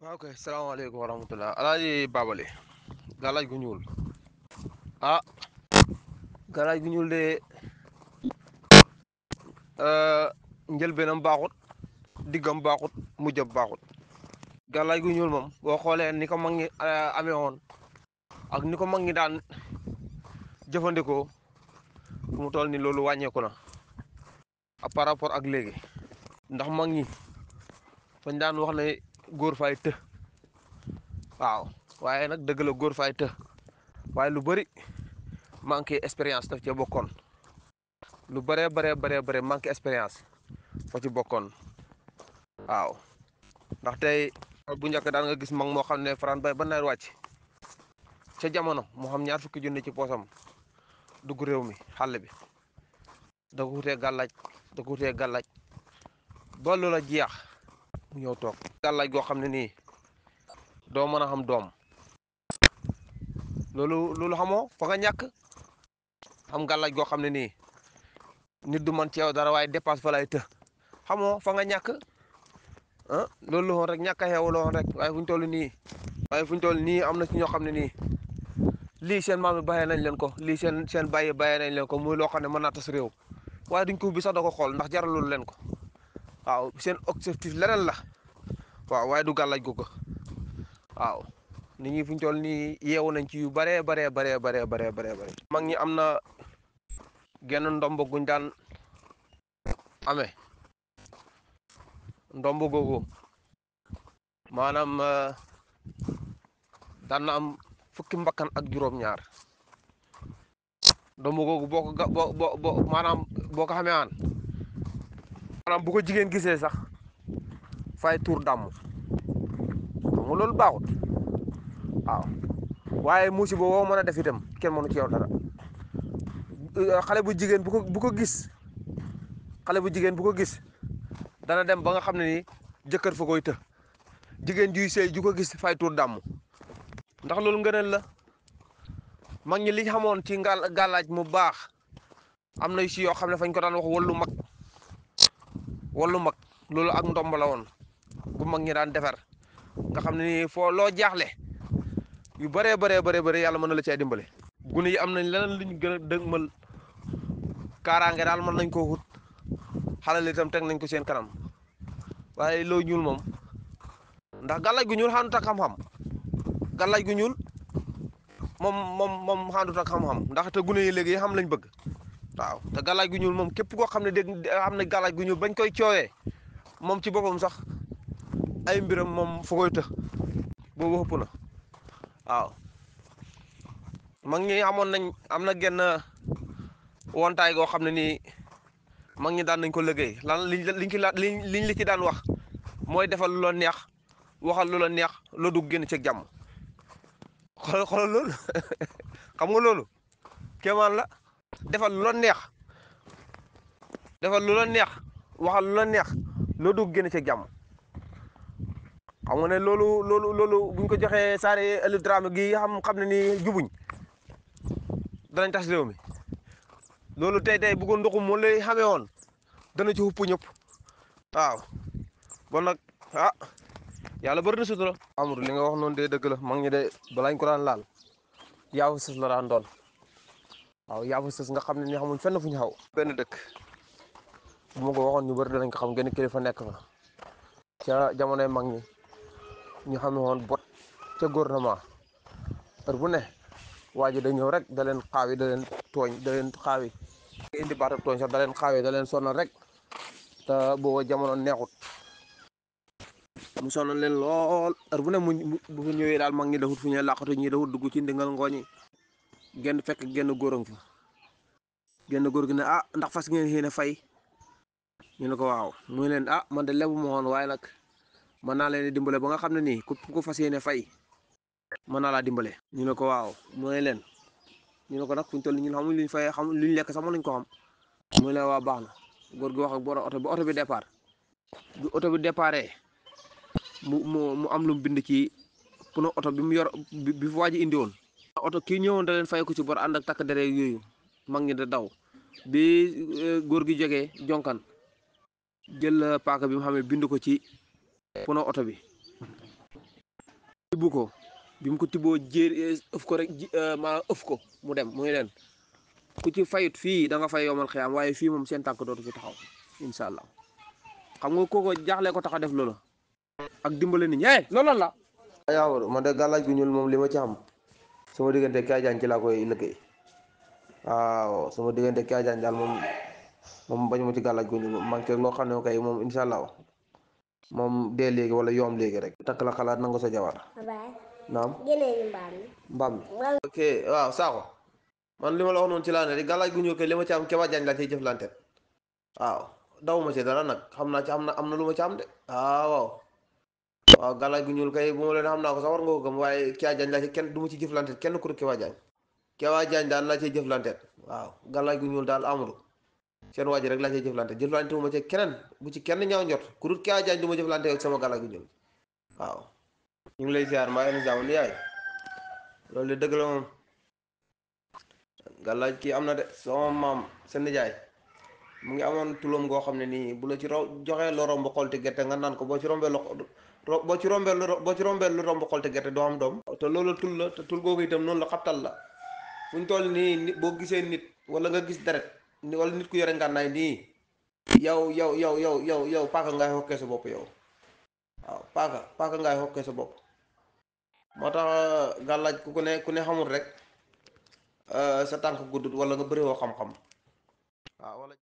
waaw ah, kay salaamaaleykum wa rahmatulah alaaji Babali galaaj gu ñuul ah galaaj gu ñuul de euh, njëlbeenam baaxut diggam baaxut mujjam baaxut galaaj gu ñuul moom boo xoolee ni ko mag ñi euh, amee woon ak ni ko mag ñi daan jëfandikoo fu mu toll ni loolu wàññeeku na par rapport ak léegi ndax mag fañ daan wax góor fay të waaw waaye nag dëgg la góor fay të waaye lu bëri manqué expérience daf cee bokkoon lu bëree bëree bëree bëri manqué expérience foo ci bokkoon waaw ndax tey bu njëkk daan nga gis mag moo xam ne faran bay ba nawet wàcc ca jamono moo xam ñaar fukki junni ci poosam dugg réew mi xàll bi da ko wutee gàllaaj da ko gàllaaj ba loola jeex mu ñëw toog. gàllaaj goo xam ne nii doo mën a xam doom loolu loolu xamoo fa nga ñàkk am gàllaaj goo xam ne nii nit du man ci yow dara waaye dépasse fa lay të xamoo fa nga ñàkk ah loolu la woon rek ñàkk xew la rek waaye fu ñu toll nii waaye fu ñu toll nii am na ci ñoo xam ne nii lii seen maam yi bàyyee nañ leen ko lii seen seen bàyyi bàyyee nañ leen ko muy loo xam ne mën naa tas réew waaye duñ ko ubbi sax da ko xool ndax jaralul leen ko waaw seen objectif leneen la waaw waaye du gàllaaj ko ko waaw ni ñi fuñ ñu toll nii yeewu nañ ci yu bare bare bare bare bare bare bare mag ñi am na genn ndomb guñ daan amé ndomb gogo manam euh, daan na am fukki mbakan ak juróom-ñaar ndomb gogo boo ko maanaam boo ko xamee waan maanaam bu ko jigéen gisee sax fay tuur dàmm xam loolu baaxut waaw waaye musiba woo mën a def itam kenn mënu ci yow dara euh, xale bu jigéen bu ko bu ko gis xale bu jigéen bu ko gis dana dem ba nga xam ne ni jëkkër fa koy të jigéen juy sëy ju ko gis fay tuur dàmm ndax loolu ngëneel la mag ñi li xamoon ci gàllaaj mu baax am na si yoo xam ne fañ ko daan wax wallu mag wallu mag loolu ak ndomb la woon gu mag ñi daan defar nga xam ne nii foo loo jaaxle yu bare bëree bëree bëri yàlla mën na la cee dimbale. gune yi am nañ leneen lu ñu gën a dëgmal kaaraange daal mën nañ koo wut xalal itam teg nañ ko seen kanam waaye loo ñuul moom ndax gàllaj gu ñuul xaanut ak xam-xam gàllaj gu ñuul moom moom moom xaanut ak xam-xam ndax te gune yi léegi xam lañ bëgg. waaw te galaaj gu ñuul moom képp goo xam ne dégg am na galaaj gu ñuul bañ koy coowee moom ci boppam sax ay mbiram moom fa koy të boobu xëpp na waaw mag ñi amoon nañ am na genn wontaay goo xam ne nii mag ñi daan nañ ko liggéey lan liñ liñ ci liñ li ci daan wax mooy defal lu neex waxal lu la neex loo dugg génn ci jàmm xool xoolal loolu xam nga loolu kéemaan la defal lu la neex defal lu la neex waxal lu la neex loo dug génn ci jàmm xam nga ne loolu loolu loolu buñ ko joxee saare Aliou Dramé gi xam xam ne ni jubuñ danañ tas réew mi loolu tey tey bu ko ndoxum moo lay woon dana ci xupp ñëpp waaw bon nag ah yàlla bëri na sutura amul li nga wax noonu de dëgg la mag ñi de balaañ ko daan laal yaaw sëf la daan waaw yaa fa sës nga xam ne ni xamuñ fenn fu ñu xaw benn dëkk bu ma ko waxoon ñu bëri danañ ko xam genn kilifa nekk fa ca jamonoy mag ñi ñu xamee woon bot ca gouvernement heure bu ne waa ji da ñëw rek da leen xaawi da leen tooñ da leen xaawi indi baatab tooñ sax da leen xaawi da leen sonal rek te booba jamono neexut mu sonal leen lool heure bu ne mu bu ñëwee daal mag ñi dafut fu ñuy làqatu ñi dafut dugg ci ndingal ngooñi genn fekk genn góoram fa genn góor gi ne a ah, ndax fas ngeen xëy na fay ñu ne ko waaw muy leen a ah, man de lebu ma woon waaye nag mën naa leen dimbale ba nga xam ne nii ku ku fas yéene fay mën naa laa dimbale. ñu ne ko waaw muy leen ñu ne ko nag fu ñu toll ñun ñu luñ fay xamuñ luñ lekk sax mënuñ ko xam. muy leen waa baax na góor gi wax ak oto ba oto bi départ bi oto bi départ mu mu mu am lu mu bind ci pono oto bi mu yor bi bi waa indi woon oto kii ñëwoon daleen fay ko ci bor ànd ak takk dere yooyu mag ñi da daw bi eh, góor gi jógee jonkan jël eh, paaka bi mu xamee bind ko ci oto bi tibb ko bi mu ko tibboo jéer eh, ko rek maa ëf ko mu dem muy leen ku ci fayut fii da nga fay yomal xiyaam waaye fii moom seen tànk dootu fi taxaw incha allah xam nga kooko jaaxle ko taxa def loola ak dimbale nit ñi looloo la. yaa man de gàllaaj gu ñuul moom li ma ci am. sama diggante Kya Diagne ci laa koy liggéey waaw sama diggante Kya Diagne daal moom moom bañ ma ci gàllaaj gu ñu loo xam ne kay moom incha allah moom dee léegi wala yoom léegi rek takk la xalaat nangu sa jabar naam mbaam man li ma la wax noonu ci laa ne rek gu ñu kay li ma ci am Kya Diagne laa ciy jëflante waaw daw ma ci dara nag xam naa ci am na am na lu ma ci am waaw waaw gàllaaj gu ñuul kay bu ma leen xam naa ko sax war nga ko gëm waaye Kya Diagne laa ci kenn du ma ci jëflante kenn ku dul Kya Diagne Kya Diagne daal laa cay jëflante waaw gàllaaj gu ñuul daal amul seen waa ji rek laa cay jëflante jëflante wu ma ci keneen bu ci kenn ñaaw njot ku dul Kya Diagne du ma jëflante ak sama gàllaaj gu ñuul waaw ñu ngi lay ziar mbaa ngeen jàmm ni yaay loolu de dëgg la moom gàllaaj kii am na de sama maam seen nijaay mu ngi amoon tulum goo xam ne nii bu la ci ro joxee loo romb xool te gerte nga naan ko boo ci rombee loxo boo ci rombeel lu boo ci rombeel lu romb xolte gerte doo am doom te loolu tul la te tul googu itam noonu la xabtal la fu toll nii boo gisee nit wala nga gis deret wala nit ku yore ngànnaay nii yow yow yow yow yow yow paaka ngay xokkee sa bopp yow waaw paaka paaka ngay xokkee sa bopp moo tax euh, gàllaaj ku ku ne ku ne xamul rek euh, sa tànk guddut wala nga bëri woo xam-xam waaw wala